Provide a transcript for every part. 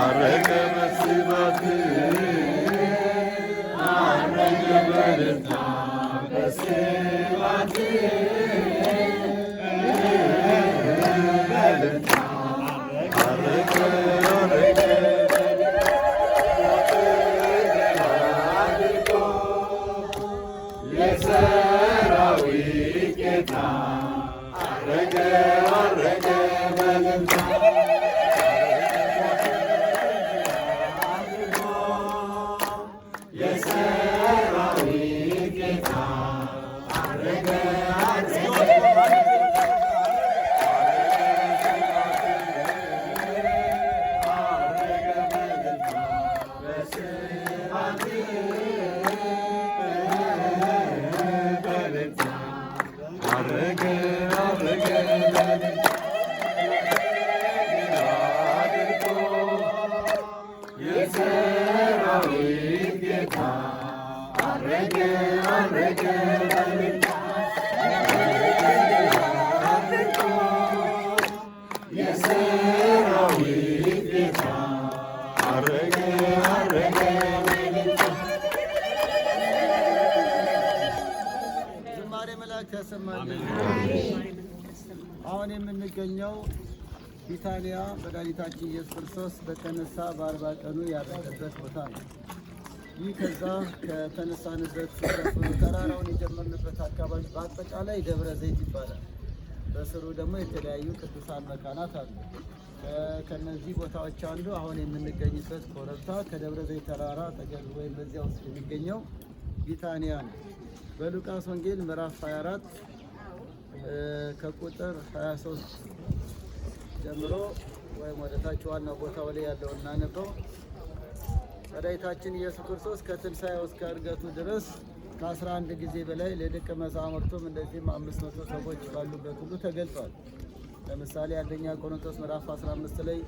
Arrege, arrege. በሚገኘው ቢታንያ መድኃኒታችን ኢየሱስ ክርስቶስ በተነሳ በአርባ ቀኑ ያረገበት ቦታ ነው። ይህ ከዛ ከተነሳንበት ተራራውን የጀመርንበት አካባቢ በአጠቃላይ ደብረ ዘይት ይባላል። በስሩ ደግሞ የተለያዩ ቅዱሳን መካናት አሉ። ከነዚህ ቦታዎች አንዱ አሁን የምንገኝበት ኮረብታ ከደብረ ዘይት ተራራ አጠገብ ወይም በዚያ ውስጥ የሚገኘው ቢታንያ ነው። በሉቃስ ወንጌል ምዕራፍ 24 ከቁጥር 23 ጀምሮ ወይም ወደታች ዋናው ቦታው ላይ ያለው እናነበው። መድኃኒታችን ኢየሱስ ክርስቶስ ከትንሣኤው እስከ ዕርገቱ ድረስ ከአስራ 11 ጊዜ በላይ ለደቀ መዛሙርቱም እንደዚህም አምስት ሰዎች ባሉበት ሁሉ ተገልጿል። ለምሳሌ አንደኛ ቆሮንቶስ ምዕራፍ 15 ላይ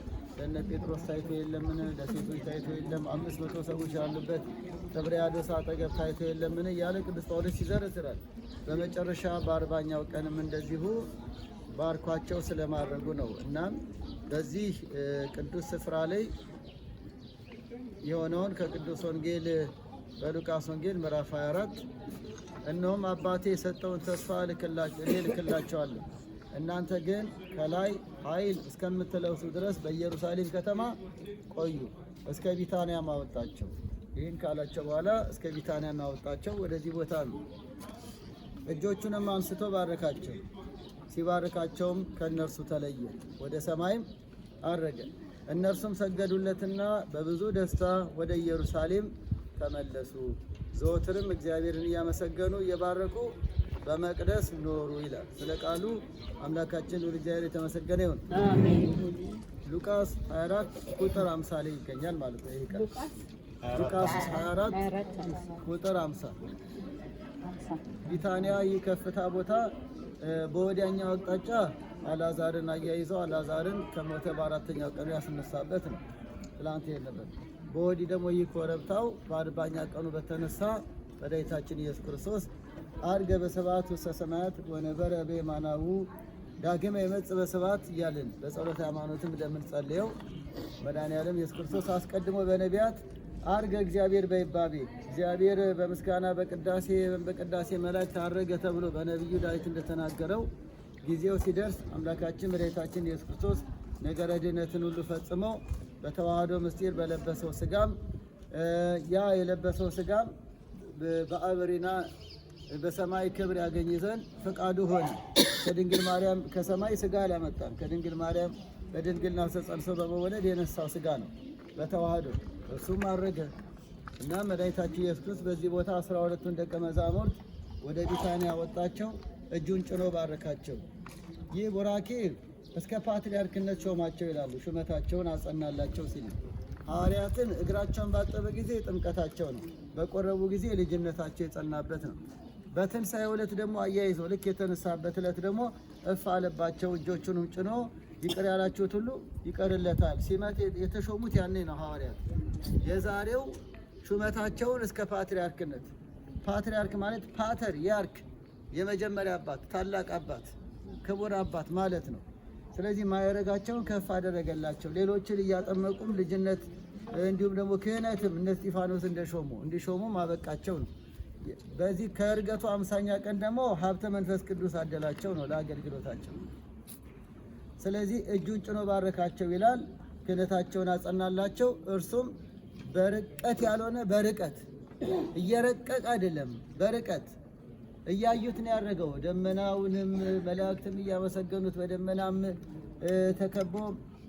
ለነ ጴጥሮስ ታይቶ የለምን? ለሴቶች ታይቶ የለም? አምስት መቶ ሰዎች ያሉበት ጥብርያዶስ አጠገብ ታይቶ የለምን? እያለ ቅዱስ ጳውሎስ ይዘረዝራል። በመጨረሻ በአርባኛው ቀንም እንደዚሁ ባርኳቸው ስለማድረጉ ነው። እናም በዚህ ቅዱስ ስፍራ ላይ የሆነውን ከቅዱስ ወንጌል በሉቃስ ወንጌል ምዕራፍ 24 እነሆም አባቴ የሰጠውን ተስፋ ልክላቸዋለሁ እናንተ ግን ከላይ ኃይል እስከምትለብሱ ድረስ በኢየሩሳሌም ከተማ ቆዩ። እስከ ቢታንያ ማወጣቸው። ይህን ካላቸው በኋላ እስከ ቢታንያ ማወጣቸው ወደዚህ ቦታ ነው። እጆቹንም አንስቶ ባረካቸው። ሲባርካቸውም ከእነርሱ ተለየ፣ ወደ ሰማይም አረገ። እነርሱም ሰገዱለትና በብዙ ደስታ ወደ ኢየሩሳሌም ተመለሱ። ዘወትርም እግዚአብሔርን እያመሰገኑ እየባረኩ በመቅደስ ኖሩ ይላል። ስለ ቃሉ አምላካችን ውድ የተመሰገነ ይሁን። ሉቃስ 24 ቁጥር 50 ላይ ይገኛል ማለት ነው። ይሄ ቃል ሉቃስ 24 ቁጥር 50 ቢታንያ ይህ ከፍታ ቦታ በወዲያኛው አቅጣጫ አላዛርን አያይዘው አላዛርን ከሞተ በአራተኛው ቀኑ ያስነሳበት ነው። ትላንት የለበት። በወዲህ ደግሞ ይህ ኮረብታው በአርባኛ ቀኑ በተነሳ መድኃኒታችን ኢየሱስ ክርስቶስ አድገ በሰባት ውስተ ሰማያት ወነበረ በየማናሁ ዳግመ የመጽ በሰባት እያልን በጸሎተ ሃይማኖትም እንደምንጸልየው መድኃኔዓለም ኢየሱስ ክርስቶስ አስቀድሞ በነቢያት አርገ እግዚአብሔር በይባቤ እግዚአብሔር በምስጋና በቅዳሴ በቅዳሴ መላእክት አረገ ተብሎ በነቢዩ ዳዊት እንደተናገረው ጊዜው ሲደርስ አምላካችን መድኃኒታችን ኢየሱስ ክርስቶስ ነገረ ድኅነትን ሁሉ ፈጽሞ በተዋህዶ ምስጢር በለበሰው ስጋም ያ የለበሰው ስጋም በአብሪና በሰማይ ክብር ያገኝ ዘንድ ፈቃዱ ሆነ። ከድንግል ማርያም ከሰማይ ስጋ አላመጣም። ከድንግል ማርያም በድንግልና ተጸንሶ በመወለድ የነሳው ስጋ ነው በተዋህዶ እሱም አረገ እና መድኃኒታችን ኢየሱስ ክርስቶስ በዚህ ቦታ አስራ ሁለቱን ደቀ መዛሙርት ወደ ቢታንያ ያወጣቸው እጁን ጭኖ ባረካቸው። ይህ ቡራኬ እስከ ፓትርያርክነት ሾማቸው ይላሉ። ሹመታቸውን አጸናላቸው ሲል ሐዋርያትን እግራቸውን ባጠበ ጊዜ ጥምቀታቸው ነው። በቆረቡ ጊዜ ልጅነታቸው የጸናበት ነው። በትንሣኤ ዕለት ደግሞ አያይዞ ልክ የተነሳበት ዕለት ደግሞ እፍ አለባቸው እጆቹንም ጭኖ ይቅር ያላችሁት ሁሉ ይቀርለታል። ሲመት የተሾሙት ያኔ ነው ሐዋርያት። የዛሬው ሹመታቸውን እስከ ፓትርያርክነት ፓትርያርክ ማለት ፓተር ያርክ የመጀመሪያ አባት፣ ታላቅ አባት፣ ክቡር አባት ማለት ነው። ስለዚህ ማዕረጋቸውን ከፍ አደረገላቸው። ሌሎችን እያጠመቁም ልጅነት እንዲሁም ደግሞ ክህነትም እነ እስጢፋኖስ እንደሾሙ እንዲሾሙ ማበቃቸው ነው። በዚህ ከእርገቱ አምሳኛ ቀን ደግሞ ሀብተ መንፈስ ቅዱስ አደላቸው ነው ለአገልግሎታቸው። ስለዚህ እጁን ጭኖ ባረካቸው ይላል። ክህነታቸውን አጸናላቸው። እርሱም በርቀት ያልሆነ በርቀት እየረቀቀ አይደለም፣ በርቀት እያዩት ነው ያደረገው። ደመናውንም መላእክትም እያመሰገኑት በደመናም ተከቦ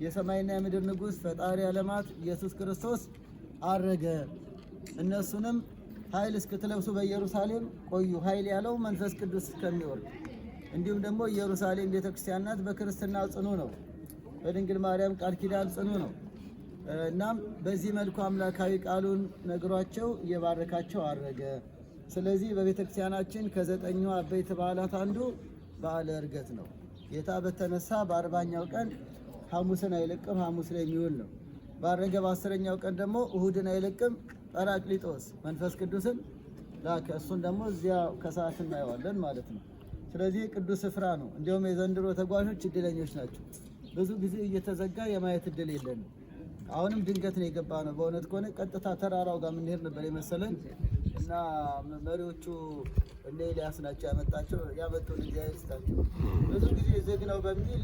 የሰማይና የምድር ንጉሥ ፈጣሪ ዓለማት ኢየሱስ ክርስቶስ አረገ እነሱንም ኃይል እስክትለብሱ በኢየሩሳሌም ቆዩ። ኃይል ያለው መንፈስ ቅዱስ እስከሚወርድ እንዲሁም ደግሞ ኢየሩሳሌም ቤተ ናት። በክርስትና ጽኑ ነው፣ በድንግል ማርያም ቃል ኪዳን ጽኑ ነው። እናም በዚህ መልኩ አምላካዊ ቃሉን ነግሯቸው እየባረካቸው አረገ። ስለዚህ በቤተክርስቲያናችን ከዘጠኙ አበይት በዓላት አንዱ በዓለ ዕርገት ነው። ጌታ በተነሳ በአርባኛው ቀን ሐሙስን አይለቅም፣ ሐሙስ ላይ የሚውል ነው። ባረገ በአስረኛው ቀን ደግሞ እሁድን አይለቅም ጰራቅሊጦስ መንፈስ ቅዱስን ላከ። እሱን ደግሞ እዚያ ከሰዓት እናየዋለን ማለት ነው። ስለዚህ ቅዱስ ስፍራ ነው። እንዲሁም የዘንድሮ ተጓዦች እድለኞች ናቸው። ብዙ ጊዜ እየተዘጋ የማየት እድል የለን። አሁንም ድንገት ነው የገባ ነው። በእውነት ከሆነ ቀጥታ ተራራው ጋር ምንሄድ ነበር የመሰለን እና መሪዎቹ እነ ኤልያስ ናቸው ያመጣቸው ያመጡን እግዚአብሔር ብዙ ጊዜ ዝግ ነው በሚል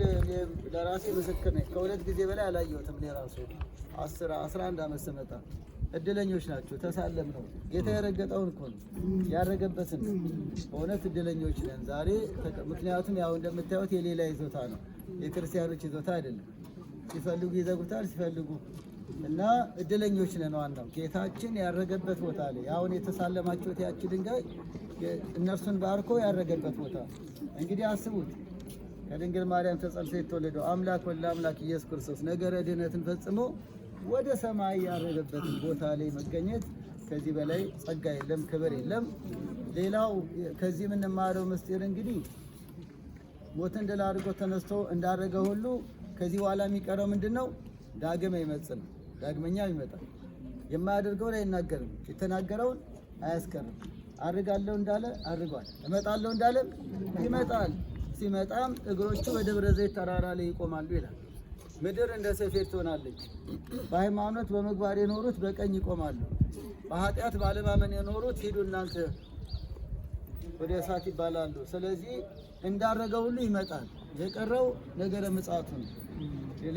ለራሴ ምስክር ነኝ። ከሁለት ጊዜ በላይ አላየሁትም። ራሱ አስራ አንድ አመት ስመጣ እድለኞች ናቸው። ተሳለም ነው ጌታ የረገጠውን እኮ ነው ያረገበትን። በእውነት እድለኞች ነን ዛሬ። ምክንያቱም ያው እንደምታዩት የሌላ ይዞታ ነው፣ የክርስቲያኖች ይዞታ አይደለም። ሲፈልጉ ይዘጉታል፣ ሲፈልጉ እና እድለኞች ነን። ዋናው ጌታችን ያረገበት ቦታ ላይ አሁን የተሳለማችሁት ያቺ ድንጋይ እነርሱን ባርኮ ያረገበት ቦታ እንግዲህ አስቡት። ከድንግል ማርያም ተጸልሶ የተወለደው አምላክ ወላ አምላክ ኢየሱስ ክርስቶስ ነገረ ድህነትን ፈጽሞ ወደ ሰማይ ያረገበትን ቦታ ላይ መገኘት ከዚህ በላይ ጸጋ የለም፣ ክብር የለም። ሌላው ከዚህ የምንማረው ምስጢር እንግዲህ ሞትን ድል አድርጎ ተነስቶ እንዳረገ ሁሉ ከዚህ በኋላ የሚቀረው ምንድን ነው? ዳግም ይመጽ ነው። ዳግመኛ ይመጣል። የማያደርገውን አይናገርም፣ የተናገረውን አያስቀርም። አድርጋለሁ እንዳለ አድርጓል፣ እመጣለሁ እንዳለ ይመጣል። ሲመጣም እግሮቹ በደብረ ዘይት ተራራ ላይ ይቆማሉ ይላል። ምድር እንደ ሰፌድ ትሆናለች። በሃይማኖት በምግባር የኖሩት በቀኝ ይቆማሉ። በኃጢአት ባለማመን የኖሩት ሂዱ እናንተ ወደ እሳት ይባላሉ። ስለዚህ እንዳረገ ሁሉ ይመጣል። የቀረው ነገረ ምጽአቱ ነው።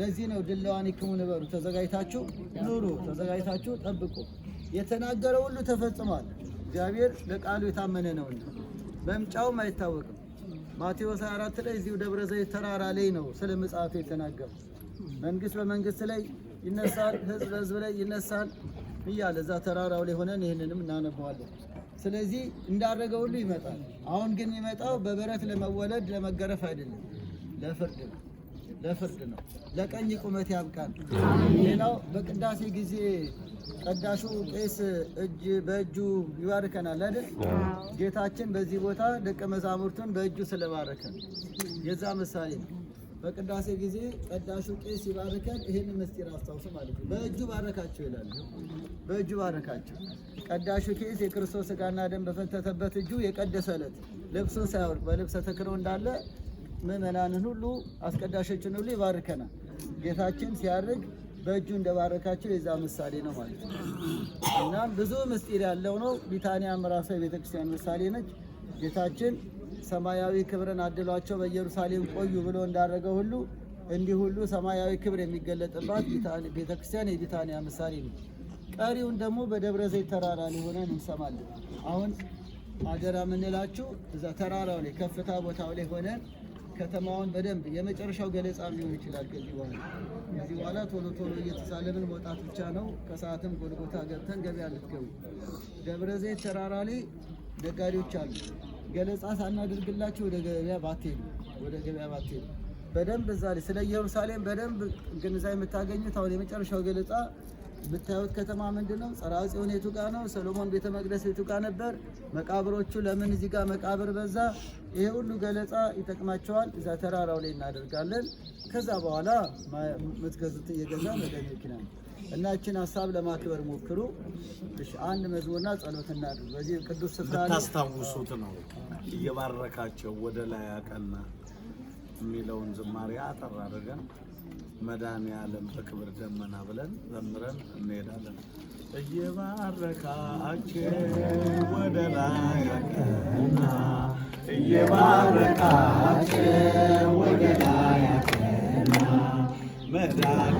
ለዚህ ነው ድለዋን ይክሙ ንበሩ፣ ተዘጋጅታችሁ ኑሩ፣ ተዘጋጅታችሁ ጠብቁ። የተናገረ ሁሉ ተፈጽሟል። እግዚአብሔር ለቃሉ የታመነ ነውና መምጫውም አይታወቅም። ማቴዎስ 24 ላይ እዚሁ ደብረ ዘይት ተራራ ላይ ነው ስለ ምጽአቱ የተናገረው። መንግስት በመንግስት ላይ ይነሳል፣ ህዝብ በህዝብ ላይ ይነሳል እያለ እዛ ተራራው ላይ ሆነን ይህንንም እናነባዋለን። ስለዚህ እንዳደረገ ሁሉ ይመጣል። አሁን ግን የሚመጣው በበረት ለመወለድ ለመገረፍ አይደለም፣ ለፍርድ ነው። ለፍርድ ነው። ለቀኝ ቁመት ያብቃል። ሌላው በቅዳሴ ጊዜ ቀዳሹ ቄስ እጅ በእጁ ይባርከናል አይደል? ጌታችን በዚህ ቦታ ደቀ መዛሙርቱን በእጁ ስለባረከን የዛ ምሳሌ ነው። በቅዳሴ ጊዜ ቀዳሹ ቄስ ሲባርከን ይሄንን ምስጢር አስታውሱ ማለት ነው። በእጁ ባረካቸው ይላል። በእጁ ባረካቸው። ቀዳሹ ቄስ የክርስቶስ ስጋና ደም በፈተተበት እጁ የቀደሰ ዕለት ልብሱን ሳያወልቅ በልብሰ ተክህኖ እንዳለ ምዕመናንን ሁሉ አስቀዳሾችን ሁሉ ይባርከናል። ጌታችን ሲያርግ በእጁ እንደባረካቸው የዛ ምሳሌ ነው ማለት ነው። እናም ብዙ ምስጢር ያለው ነው። ቢታንያ ምራሷ የቤተክርስቲያን ምሳሌ ነች። ጌታችን ሰማያዊ ክብርን አድሏቸው በኢየሩሳሌም ቆዩ ብሎ እንዳደረገ ሁሉ እንዲህ ሁሉ ሰማያዊ ክብር የሚገለጥባት ቤተክርስቲያን የቢታንያ ምሳሌ ነው። ቀሪውን ደግሞ በደብረ ዘይት ተራራ ሊሆነን እንሰማለን። አሁን አደራ የምንላችሁ እዛ ተራራው ላይ ከፍታ ቦታው ላይ ሆነን ከተማውን በደንብ የመጨረሻው ገለጻ ሊሆን ይችላል። ከዚህ በኋላ ከዚህ በኋላ ቶሎ ቶሎ እየተሳለምን መውጣት ብቻ ነው። ከሰዓትም ጎልጎታ ገብተን ገበያ ልትገቡ ደብረ ዘይት ተራራ ላይ ነጋዴዎች አሉ። ገለጻ ሳናደርግላችሁ ወደ ገበያ ባትሄዱ ወደ ገበያ ባትሄዱ በደንብ እዛ ላይ ስለ ኢየሩሳሌም በደንብ ግንዛቤ የምታገኙት አሁን የመጨረሻው ገለጻ የምታዩት ከተማ ምንድን ነው? ጸራ ጽዮን የቱ ጋ ነው? ሰሎሞን ቤተ መቅደስ የቱ ጋ ነበር? መቃብሮቹ ለምን እዚህ ጋር መቃብር በዛ? ይሄ ሁሉ ገለጻ ይጠቅማቸዋል። እዛ ተራራው ላይ እናደርጋለን። ከዛ በኋላ የምትገዙት እየገዛ መደን እና ሀሳብ ለማክበር ሞክሩ። አንድ መዝሙርና ጸሎት እናድርግ። በዚህ ቅዱስ ስፍራ ታስታውሱት ነው እየባረካቸው ወደ ላይ አቀና የሚለውን ዝማሬ አጠር አድርገን መዳን ያለም በክብር ደመና ብለን ዘምረን እንሄዳለን። እየባረካቸው ወደ ላይ አቀና፣ እየባረካቸው ወደ ላይ አቀና መድኃኔ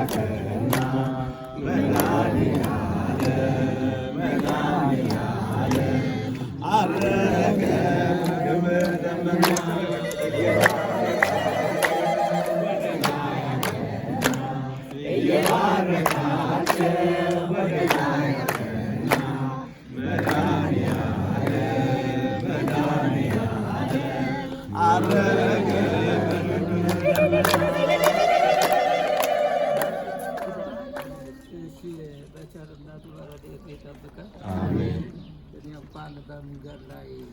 በቸርነቱ በረድኤቱ ይጠብቀን። እኔ እንኳን በመንገድ ላይ